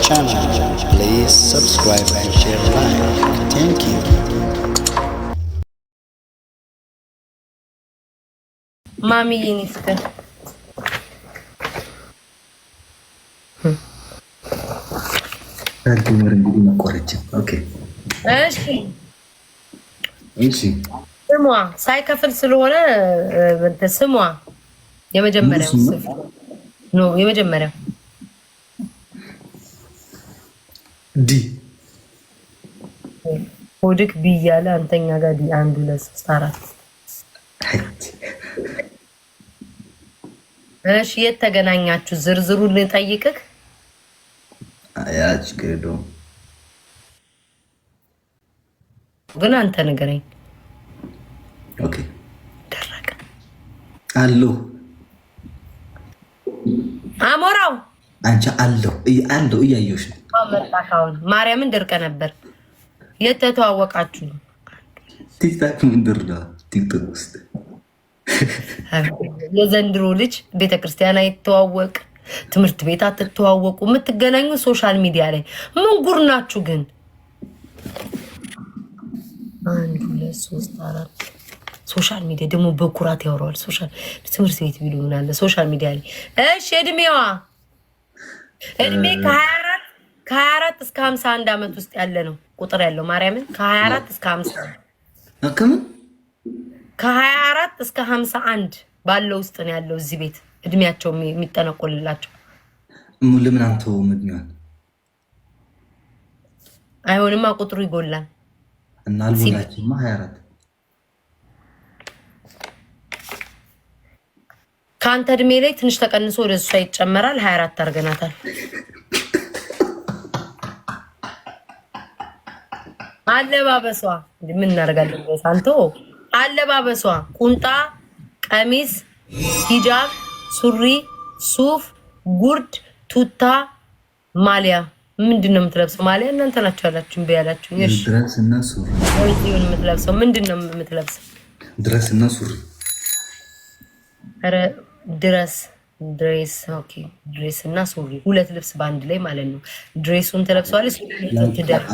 channel. Please subscribe and share like. Thank you. Mami liniște. Dar tu mă rândi corecție. Ok. እሺ እሺ eh, Eu mergem mereu. Nu, eu mergem mereu. ዲ ሆድክ ቢ እያለ አንተኛ ጋር ዲ አንድ ሁለት ሶስት አራት። እሺ የት ተገናኛችሁ? ዝርዝሩን ልጠይቅክ። ያች ግዶ ግን አንተ ንገረኝ። ኦኬ ደረቀ አሉ አሞራው አንቺ አለሁ አለሁ እያየሁሽ ነው ማርያምን ደርቀ ነበር። የት ተተዋወቃችሁ? ቲክታክ ምንድር ቲክቶክ ውስጥ የዘንድሮ ልጅ ቤተክርስቲያን አይተዋወቅ፣ ትምህርት ቤት አትተዋወቁ፣ የምትገናኙ ሶሻል ሚዲያ ላይ ምን ጉር ናችሁ ግን? አንድ ሁለት ሶስት አራት ሶሻል ሚዲያ ደግሞ በኩራት ያወራዋል። ሶሻል ትምህርት ቤት ቢሉ ምናለ ሶሻል ሚዲያ ላይ እሺ። እድሜዋ እድሜ ከሀያ ከ24 እስከ አንድ አመት ውስጥ ያለ ነው ቁጥር ያለው ማርያምን ከ24 እስከ ሀምሳ ከምን ከሀያ አራት እስከ አንድ ባለው ውስጥ ነው ያለው እዚህ ቤት እድሜያቸው የሚጠነቆልላቸው ለምን አንተውም? እድሜዋን አይሆንማ ቁጥሩ ይጎላል። እና ሀያ አራት ከአንተ እድሜ ላይ ትንሽ ተቀንሶ ወደ እሷ ይጨመራል። አራት አድርገናታል። አለባበሷ ምን እናደርጋለን? ሳንቶ አለባበሷ ቁንጣ፣ ቀሚስ፣ ሂጃብ፣ ሱሪ፣ ሱፍ፣ ጉርድ፣ ቱታ፣ ማሊያ ምንድን ነው የምትለብሰው? ማሊያ እናንተ ናቸው ያላችሁ ያላችሁ የምትለብሰው ምንድን ነው የምትለብሰው? ድረስ እና ሱሪ ድረስ ድሬስ ኦኬ፣ ድሬስ እና ሱሪ ሁለት ልብስ በአንድ ላይ ማለት ነው። ድሬሱን ትለብሰዋለች፣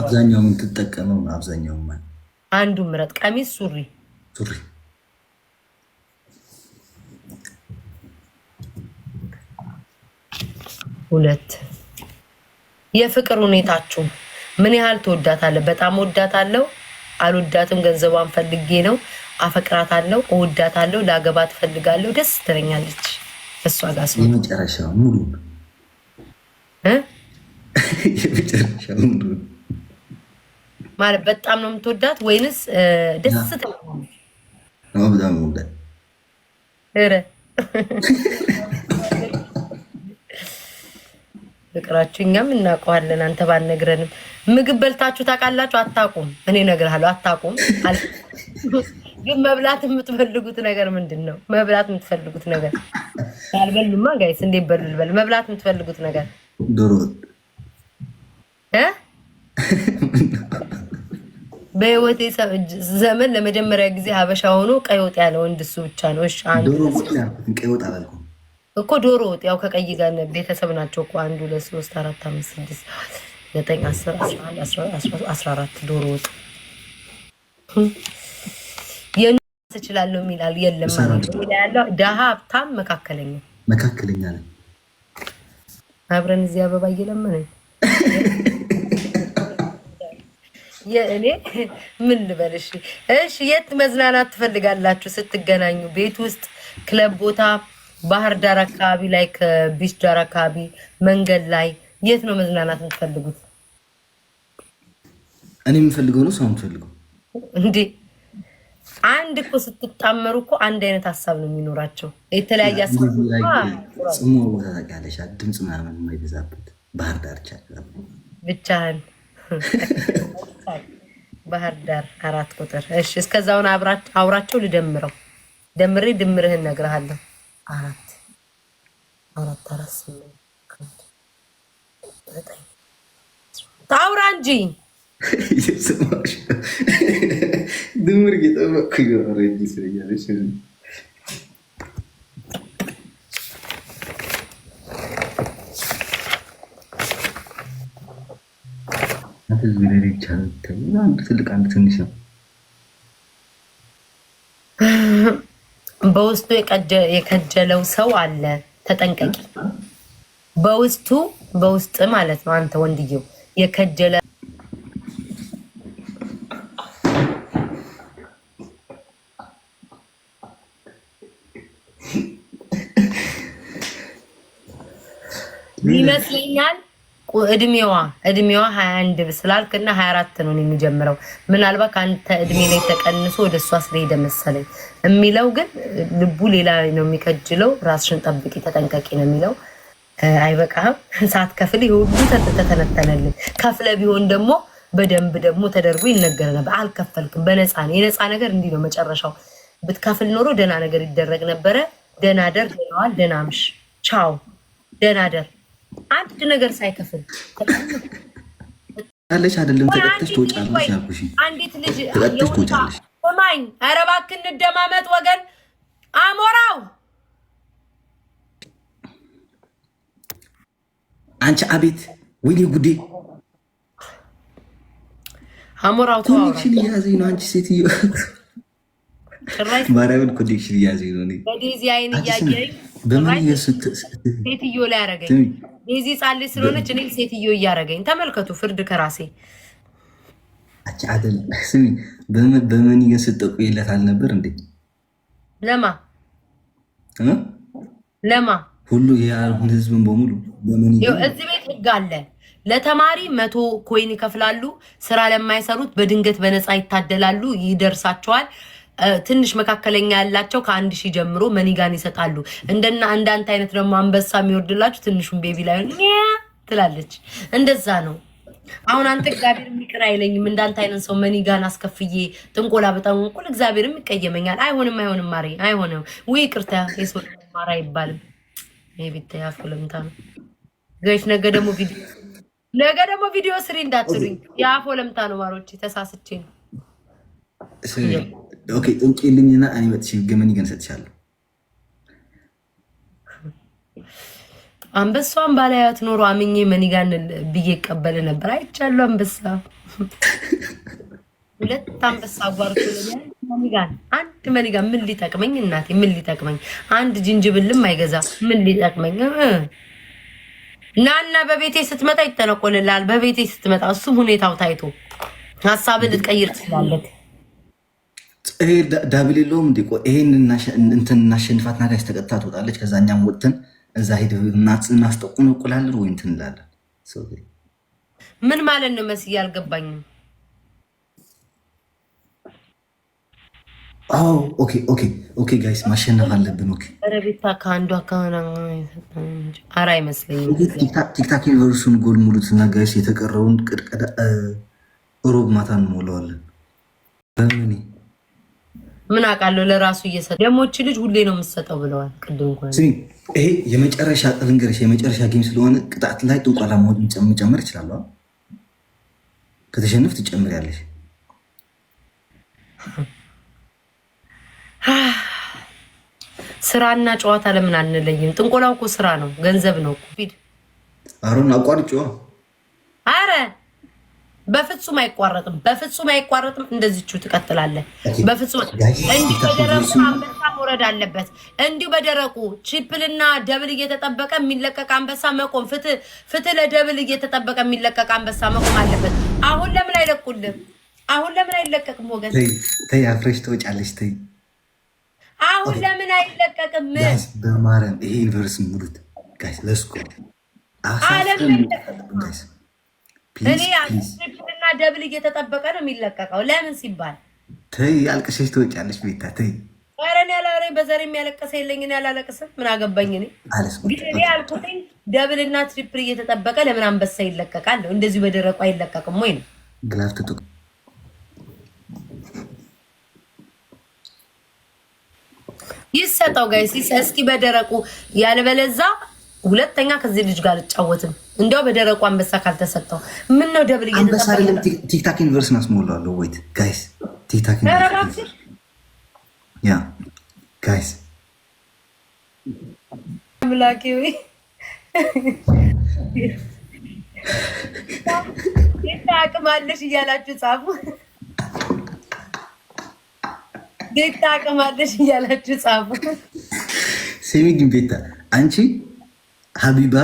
አብዛኛው የምትጠቀመው አብዛኛው አንዱ ምረጥ፣ ቀሚስ፣ ሱሪ ሱሪ። ሁለት የፍቅር ሁኔታችሁ ምን ያህል ትወዳታለህ? በጣም ወዳታለሁ፣ አልወዳትም፣ ገንዘቧን ፈልጌ ነው፣ አፈቅራታለሁ፣ እወዳታለሁ፣ ላገባ ትፈልጋለሁ፣ ደስ ትለኛለች እሷ ጋር የመጨረሻ ሙሉ የመጨረሻ ሙሉ ማለት በጣም ነው የምትወዳት ወይንስ ደስ በጣም ወዳት? ፍቅራችሁ እኛም እናውቀዋለን፣ አንተ ባልነግረንም። ምግብ በልታችሁ ታውቃላችሁ? አታውቁም? እኔ እነግርሃለሁ፣ አታውቁም። ግን መብላት የምትፈልጉት ነገር ምንድን ነው? መብላት የምትፈልጉት ነገር ያልበሉማ ጋይስ እንዴት በሉ ልበል። መብላት የምትፈልጉት ነገር ዶሮ በህይወቴ ዘመን ለመጀመሪያ ጊዜ ሀበሻ ሆኖ ቀይ ወጥ ያለ ወንድ እሱ ብቻ ነው። እሺ እኮ ዶሮ ወጥ ያው ከቀይ ጋር ቤተሰብ ናቸው እኮ አንድ ሁለት ሶስት አራት አምስት ስድስት ዘጠኝ አስር አስራ አንድ አስራ አራት ዶሮ ወጥ ትችላለሁ የሚላል የለም። ያለው ደሀ ሀብታም መካከለኛ መካከለኛ ነን። አብረን እዚህ አበባ እየለመነ እኔ ምን ልበልሽ? እሺ የት መዝናናት ትፈልጋላችሁ ስትገናኙ? ቤት ውስጥ፣ ክለብ ቦታ፣ ባህር ዳር አካባቢ ላይ፣ ከቢች ዳር አካባቢ መንገድ ላይ የት ነው መዝናናት የምትፈልጉት? እኔ የምፈልገው ነው ሰው የምትፈልገው እንዴ አንድ እኮ ስትጣመሩ እኮ አንድ አይነት ሀሳብ ነው የሚኖራቸው። የተለያየ ጽሙ መረጋለሻ ድምፅ ምናምን የማይበዛበት ባህር ዳርቻ ብቻህን ባህር ዳር አራት ቁጥር። እሺ እስከዛውን አውራቸው ልደምረው። ደምሬ ድምርህን እነግርሃለሁ። አራት አራት አራት ስምንት ታውራ እንጂ ድምር እየጠበቅኩ ይኖረስያለች ህዝብ ሌላ ይቻላል። ትልቅ ትንሽ ነው። በውስጡ የከጀለው ሰው አለ፣ ተጠንቀቂ። በውስጡ በውስጥ ማለት ነው። አንተ ወንድየው የከጀለ ይመስለኛል እድሜዋ እድሜዋ ሀያ አንድ ስላልክና እና ሀያ አራት ነው የሚጀምረው። ምናልባት ከአንተ እድሜ ላይ ተቀንሶ ወደ እሷ ስለሄደ መሰለኝ የሚለው ግን ልቡ ሌላ ነው የሚከጅለው። ራስሽን ጠብቂ፣ ተጠንቀቂ ነው የሚለው። አይበቃህም? ሰዓት ከፍል የሁሉ ተተነተነልን። ከፍለ ቢሆን ደግሞ በደንብ ደግሞ ተደርጎ ይነገር ነበር። አልከፈልክም፣ በነፃ ነው። የነፃ ነገር እንዲህ ነው መጨረሻው። ብትከፍል ኖሮ ደህና ነገር ይደረግ ነበረ። ደህና ደር ብለዋል። ደህና ምሽ ቻው፣ ደህና ደር አንድ ነገር ሳይከፍል አለሽ አይደለም ተቀጥተሽ ትወጫለሽ። ያልኩሽ አንዲት ልጅ ተቀጥተሽ ትወጫለሽ። ማኝ ኧረ እባክህ እንደማመጥ ወገን አሞራው አንቺ አቤት ወይኔ ጉዴ አሞራው ተዋው ኮኔክሽን እያዘኝ ነው። አንቺ ሴትዮ ማርያምን ኮኔክሽን እያዘኝ ነው። እኔ ወዲህ እዚህ አይን እያየኝ በምን ሴትዮ ላይ ያረገኝ ቤዚ ጻል ስለሆነች እኔ ሴትዮ እያረገኝ ተመልከቱ። ፍርድ ከራሴ ስሚ። በምን እየሰጠቁ የለት አልነበር እንዴ? ለማ ለማ ሁሉ የአሁን ህዝብን በሙሉ እዚህ ቤት ህግ አለ። ለተማሪ መቶ ኮይን ይከፍላሉ። ስራ ለማይሰሩት በድንገት በነፃ ይታደላሉ፣ ይደርሳቸዋል። ትንሽ መካከለኛ ያላቸው ከአንድ ሺህ ጀምሮ መኒጋን ይሰጣሉ። እንደና አንዳንድ አይነት ደግሞ አንበሳ የሚወርድላችሁ ትንሹን ቤቢ ላይ ትላለች። እንደዛ ነው። አሁን አንተ እግዚአብሔር ይቅር አይለኝም። እንዳንተ አይነት ሰው መኒጋን አስከፍዬ ጥንቆላ በጠንቆል እግዚአብሔርም ይቀየመኛል። አይሆንም፣ አይሆንም፣ ማሬ አይሆንም። ውይ ቅርታ የሰው ማራ አይባልም። ቤታያፍ ለምታ ነው ገሽ ነገ ደግሞ ቪዲዮ ነገ ደግሞ ቪዲዮ ስሪ እንዳትሉኝ። የአፎ ለምታ ነው ማሮቼ፣ ተሳስቼ ነው እውቂልኝና እኔ መጥቼ ገመን ገን እሰጥሻለሁ። አንበሷን ባላያት ኖሮ አምኜ መኒጋን ብዬ እቀበል ነበር። አይቻለሁ። አንበሳ ሁለት አንበሳ አጓርቶ አንድ መኒጋ ምን ሊጠቅመኝ እናቴ፣ ምን ሊጠቅመኝ? አንድ ጅንጅብልም አይገዛ ምን ሊጠቅመኝ? ናና በቤቴ ስትመጣ ይጠነቆልልሃል። በቤቴ ስትመጣ እሱም ሁኔታው ታይቶ ሀሳብን ልትቀይር ትችላለህ። ይሄ ዳብል የለውም እንዲ ይሄን እንትን እናሸንፋት ና ተቀጥታ ትወጣለች። ከዛ እኛም ወጥተን እዛ ሄድ እናስጠቁ ነው ቁላለን ወይ እንትን እንላለን። ምን ማለት ነው መስዬ አልገባኝም። አዎ ኦኬ ኦኬ ኦኬ ጋይስ ማሸነፍ አለብን። ኦኬ ረቤታ ከአንዱ አካባቢ አራ አይመስለኝም። ቲክታክ ዩኒቨርሱን ጎል ሙሉትና ጋይስ የተቀረውን ቅድቀዳ ሮብ ማታ እንሞላዋለን በምን ምን አውቃለሁ። ለራሱ እየሰጠ ደሞች ልጅ ሁሌ ነው የምሰጠው ብለዋል። ቅድም እንኳን ይሄ የመጨረሻ ልንገርሽ፣ የመጨረሻ ጌም ስለሆነ ቅጣት ላይ ጥንቋላ መሆን መጨመር ይችላለ። ከተሸነፍ ትጨምሪያለሽ። ስራና ጨዋታ ለምን አንለይም? ጥንቆላው እኮ ስራ ነው፣ ገንዘብ ነው። ፊድ አሮን አቋርጭዋ በፍጹም አይቋረጥም፣ በፍጹም አይቋረጥም። እንደዚቹ ትቀጥላለህ። በፍጹም እንዲሁ በደረቁ አንበሳ መውረድ አለበት። እንዲሁ በደረቁ ቺፕልና ደብል እየተጠበቀ የሚለቀቅ አንበሳ መቆም፣ ፍትህ ለደብል እየተጠበቀ የሚለቀቅ አንበሳ መቆም አለበት። አሁን ለምን አይለቁልም? አሁን ለምን አይለቀቅም? ወገን ተይ፣ አፍረሽ ትወጫለሽ። ተይ፣ አሁን ለምን አይለቀቅም? በማርያም ይሄ ዩኒቨርስ ሙሉት ጋይስ፣ ለስኮ አለም እኔ ደብል እየተጠበቀ ነው የሚለቀቀው። ለምን ሲባል ተይ አልቅሸሽ ትወጫለሽ። ቤታ ተይ ረን ያላረ በዘር የሚያለቀሰ የለኝ ያላለቅስም ምን አገባኝ እኔ ግን እኔ ያልኩትኝ ደብልና ትሪፕል እየተጠበቀ ለምን አንበሳ ይለቀቃል? እንደዚሁ በደረቁ አይለቀቅም ወይ ነው ግላፍ ትጡ ይሰጠው ጋይስ እስኪ በደረቁ ያልበለዛ ሁለተኛ ከዚህ ልጅ ጋር አልጫወትም። እንዲያው በደረቁ አንበሳ ካልተሰጠው ምን ነው ደብል አንበሳ አይደለም። ቲክታክ ዩኒቨርስን አስሞላለሁ። ወይት ጋይስ፣ ቲክታክ ያ ጋይስ፣ አምላኬ ወይ አቅም አለሽ እያላችሁ ጻፉ። ቤታ አቅም አለሽ እያላችሁ ጻፉ። ሴሚ ግን ቤታ አንቺ ሀቢባ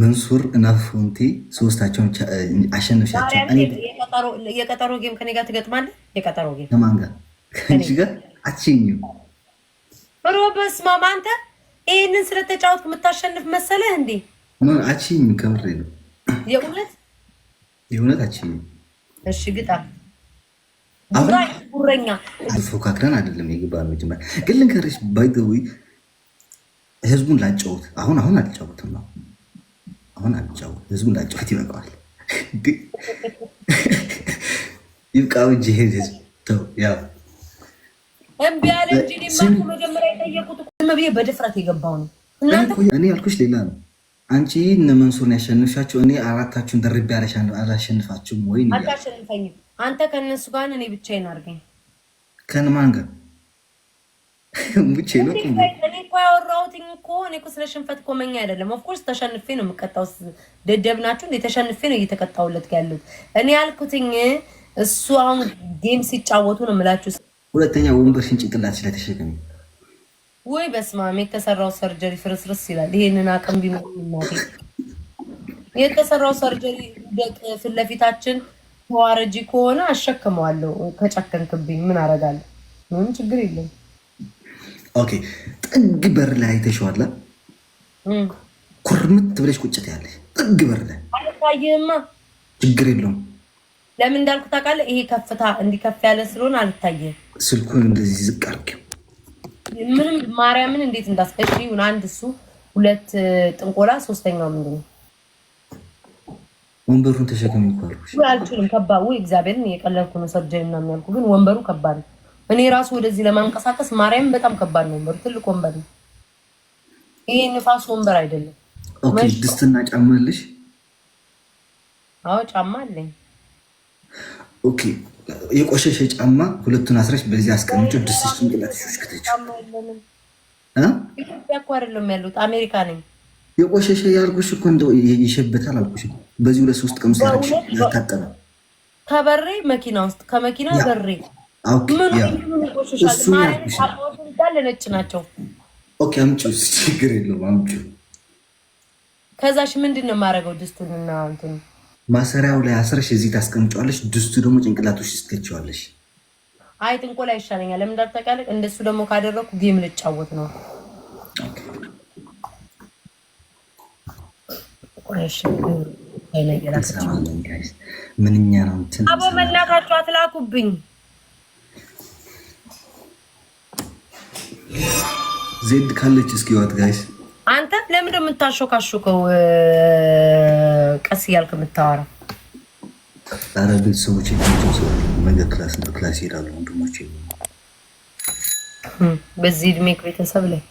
መንሱር እና ፎንቲ ሶስታቸውን አሸነፍሻቸው። የቀጠሮ ጌም ከኔ ጋር ትገጥማለህ። የቀጠሮ ጌም ከማን ጋር? ከንቺ ጋር አትሸኝም። ሮበስ ማማ አንተ ይህንን ስለተጫወት የምታሸንፍ መሰለህ እንዴ? አትሸኝም። ከምሬ ነው። የእውነት የእውነት አትሸኝም። እሺ ግጣ አብረን ፎካክረን አይደለም የግባ ነው። ጅማ ግን ልንከርሽ ባይተዊ ህዝቡን ላጫወት አሁን አሁን አልጫወትም ነው አሁን አልጫወት ህዝቡን ላጫወት ይበቃዋል። ይብቃ እንጂ ይሄ ህዝብ ተው። ያው እምቢ አለ እንጂ መጀመሪያ በድፍረት የገባው ነው። እኔ ያልኩሽ ሌላ ነው። አንቺ እነ መንሱርን ያሸንፋችሁ፣ እኔ አራታችሁን ደርቤ አላሸንፋችሁም ወይ? አታሸንፈኝም አንተ ከነሱ ጋር እኔ ብቻዬን አድርገኝ ከነማን ጋር ሙቼ ነው እኔ እኮ ያወራሁትኝ እኮ እኔ እኮ ስለ ሽንፈት አይደለም። ኦፍኮርስ ተሸንፌ ነው የምቀጣው። ደደብ ናችሁ እንዴ? ተሸንፌ ነው እየተቀጣሁለት ያሉት። እኔ ያልኩትኝ እሱ አሁን ጌም ሲጫወቱ ነው የምላችሁ። ሁለተኛ ወንበርሽን ጭንቅላትሽ ተሸከሚ። ወይ በስመ አብ! የተሰራው ሰርጀሪ ፍርስርስ ይላል። ይሄንን አቅም ቢኖር የተሰራው ሰርጀሪ ደቅ ፊት ለፊታችን ተዋረጂ ከሆነ አሸክመዋለሁ። ከጨከንክብኝ ምን አረጋለሁ? ምንም ችግር የለም። ኦኬ ጥግ በር ላይ አይተሽዋላ? ኩርምት ብለሽ ቁጭት ያለሽ ጥግ በር ላይ አልታይህማ። ችግር የለውም። ለምን እንዳልኩ ታውቃለህ? ይሄ ከፍታ እንዲከፍ ያለ ስለሆነ አልታየህም። ስልኩን እንደዚህ ዝቅ አድርጊው። ምንም ማርያምን እንዴት እንዳስቀሽ ይሁን። አንድ እሱ፣ ሁለት ጥንቆላ፣ ሶስተኛው ምንድን ነው? ወንበሩን ተሸከሚ ይባሉ። አልችልም። ከባድ ወይ እግዚአብሔርን የቀለልኩ ነው። ሰርጀሪ ምናምን ያልኩ ግን ወንበሩ ከባድ ነው። እኔ ራሱ ወደዚህ ለማንቀሳቀስ ማርያም በጣም ከባድ ነው። ወንበር ትልቅ ወንበር ነው። ይሄ ንፋስ ወንበር አይደለም። ኦኬ። ድስትና ጫማ አለሽ? አዎ ጫማ አለኝ። ኦኬ። የቆሸሸ ጫማ ሁለቱን አስረሽ በዚህ አስቀምጪ። ድስት ጭንቅላት ሽሽ ከተች ኢትዮጵያ እኮ አይደለም ያሉት አሜሪካ ነኝ። የቆሸሸ ያልኩሽ እኮ እንደው ይሸበታል አልኩሽ። በዚህ ሁለት ሶስት ቀን ውስጥ ያታጠበ ከበሬ መኪና ውስጥ ከመኪና በሬ ነጭ ናቸው። ችግር የለውም አምጪው። ከዛሽ ምንድን ነው የማደርገው? ማሰሪያው ላይ አስረሽ እዚህ ታስቀምጫዋለሽ። ድስቱ ደግሞ ጭንቅላቶች ስትከቸዋለሽ። አይ ጥንቆላ ይሻለኛል። ለምን እንደሱ ደግሞ ካደረኩ ጌም ልጫወት ነው። ምንኛ ነው እንትን አቦ አትላኩብኝ ዜድ ካለች እስኪዋት ጋይስ አንተ ለምን የምታሾካሾከው? ቀስ እያልክ የምታወራው አረ ቤተሰቦች ነገ ክላስ እንደ ክላስ ይሄዳሉ ወንድሞቼ። በዚህ እድሜ ቤተሰብ ላይ